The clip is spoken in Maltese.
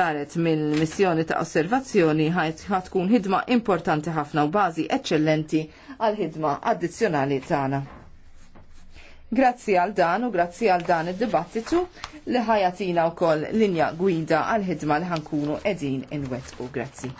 daret mill-missjoni ta' osservazzjoni ħajt ħatkun ħidma importanti ħafna u bażi eċċellenti għal ħidma addizzjonali tagħna. Grazzi għal dan u grazzi għal dan id-dibattitu li ħajatina wkoll linja gwida għal ħidma li ħankunu qegħdin inwettqu. Grazzi.